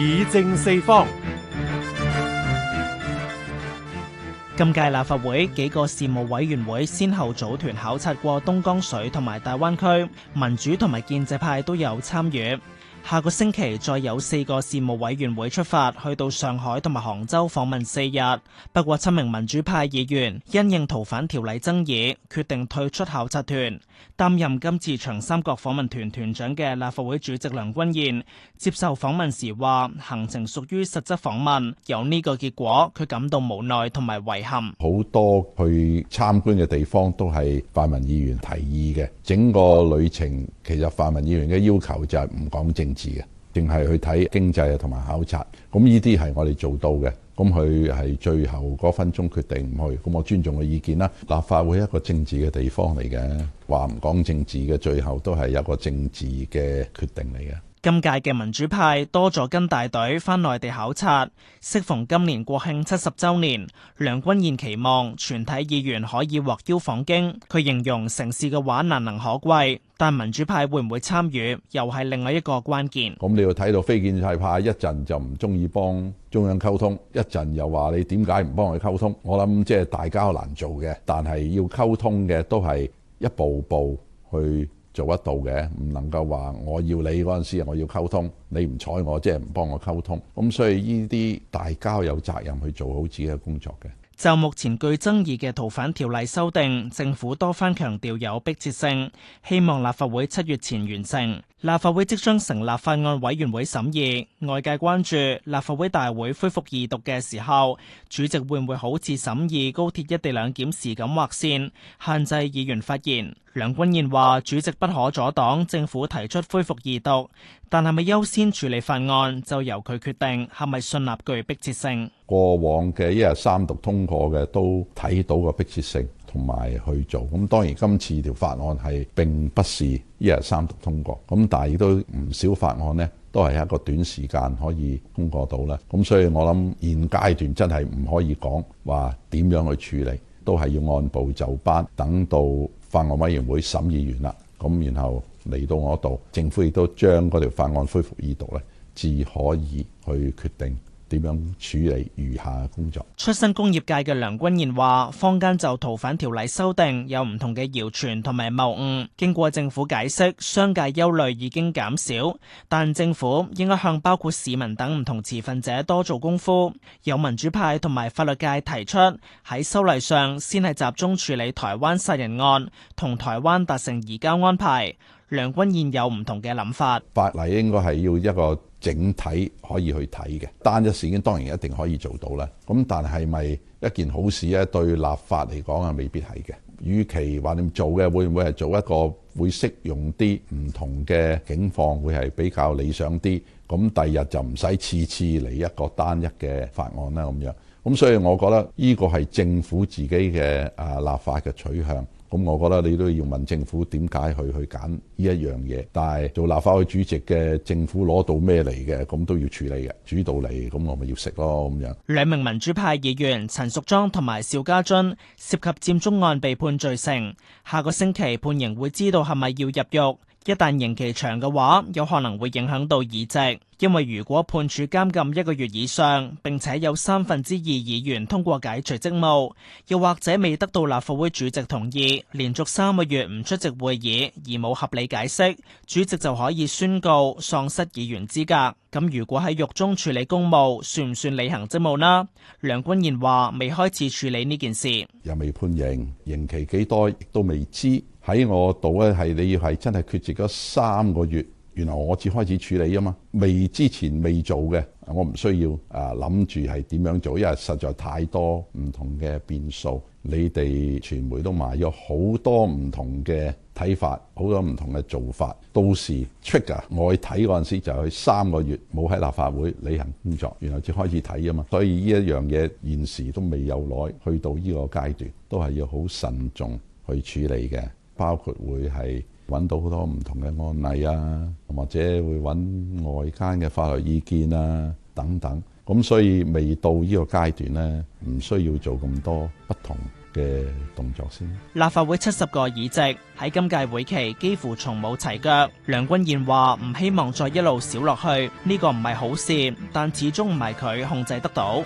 議政四方。今屆立法會幾個事務委員會先後組團考察過東江水同埋大灣區，民主同埋建制派都有參與。下個星期再有四個事務委員會出發去到上海同埋杭州訪問四日，不過七名民主派議員因應逃犯條例爭議，決定退出考察團。擔任今次長三角訪問團團長嘅立法會主席梁君彥接受訪問時話：行程屬於實質訪問，有呢個結果，佢感到無奈同埋遺憾。好多去參觀嘅地方都係泛民議員提議嘅，整個旅程其實泛民議員嘅要求就係唔講政治嘅，淨係去睇經濟啊，同埋考察。咁呢啲係我哋做到嘅。咁佢係最後嗰分鐘決定唔去，咁我尊重佢意見啦。立法會係一個政治嘅地方嚟嘅，話唔講政治嘅，最後都係有個政治嘅決定嚟嘅。今屆嘅民主派多咗跟大隊返內地考察，適逢今年國慶七十週年，梁君彥期望全體議員可以獲邀訪京。佢形容成事嘅話難能可貴，但民主派會唔會參與，又係另外一個關鍵。咁你要睇到非建制派一陣就唔中意幫中央溝通，一陣又話你點解唔幫佢溝通？我諗即係大家難做嘅，但係要溝通嘅都係一步步去。做得到嘅，唔能夠話我要你嗰陣時，我要溝通，你唔睬我，即係唔幫我溝通。咁所以呢啲大家有責任去做好自己嘅工作嘅。就目前具爭議嘅逃犯條例修訂，政府多番強調有迫切性，希望立法會七月前完成。立法會即將成立法案委員會審議，外界關注立法會大會恢復二讀嘅時候，主席會唔會好似審議高鐵一地兩檢時咁劃線，限制議員發言？梁君彥話：主席不可阻擋政府提出恢復二讀，但係咪優先處理法案就由佢決定，係咪信納具迫切性？過往嘅一日三讀通過嘅都睇到個迫切性。同埋去做，咁當然今次條法案係並不是一日三讀通過，咁但係亦都唔少法案咧，都係一個短時間可以通過到啦。咁所以我諗現階段真係唔可以講話點樣去處理，都係要按部就班，等到法案委員會審議完啦，咁然後嚟到我度，政府亦都將嗰條法案恢復二讀咧，至可以去決定。點樣處理餘下工作？出身工業界嘅梁君彥話：坊間就逃犯條例修訂有唔同嘅謠傳同埋謬誤，經過政府解釋，商界憂慮已經減少，但政府應該向包括市民等唔同持份者多做功夫。有民主派同埋法律界提出喺修例上先係集中處理台灣殺人案，同台灣達成移交安排。梁君彥有唔同嘅諗法，法例應該係要一個整體可以去睇嘅單一事件當然一定可以做到啦。咁但係咪一件好事咧？對立法嚟講啊，未必係嘅。與其話你做嘅，會唔會係做一個會適用啲唔同嘅境況，會係比較理想啲？咁第二日就唔使次次嚟一個單一嘅法案啦，咁樣。咁所以我覺得呢個係政府自己嘅啊立法嘅取向。咁我覺得你都要問政府點解去去揀呢一樣嘢，但係做立法會主席嘅政府攞到咩嚟嘅，咁都要處理嘅，煮到嚟，咁我咪要食咯咁樣。兩名民主派議員陳淑莊同埋邵家臻涉及佔中案被判罪成，下個星期判刑會知道係咪要入獄。一旦刑期長嘅話，有可能會影響到議席，因為如果判處監禁一個月以上，並且有三分之二議員通過解除職務，又或者未得到立法會主席同意，連續三個月唔出席會議而冇合理解釋，主席就可以宣告喪失議員資格。咁如果喺獄中處理公務，算唔算履行職務呢？梁君彥話，未開始處理呢件事，又未判刑，刑期幾多亦都未知。喺我度咧，係你要係真係缺席咗三個月，原來我至開始處理啊嘛，未之前未做嘅，我唔需要誒諗住係點樣做，因為實在太多唔同嘅變數，你哋傳媒都買咗好多唔同嘅。睇法好多唔同嘅做法，到時 trigger 我睇嗰陣時就去三個月冇喺立法會履行工作，然後至開始睇啊嘛。所以呢一樣嘢現時都未有耐去到呢個階段，都係要好慎重去處理嘅，包括會係揾到好多唔同嘅案例啊，或者會揾外間嘅法律意見啊等等。咁所以未到這個呢個階段咧，唔需要做咁多不同嘅動作先，立法會七十個議席喺今屆會期幾乎從冇齊腳。梁君彥話：唔希望再一路少落去，呢個唔係好事，但始終唔係佢控制得到。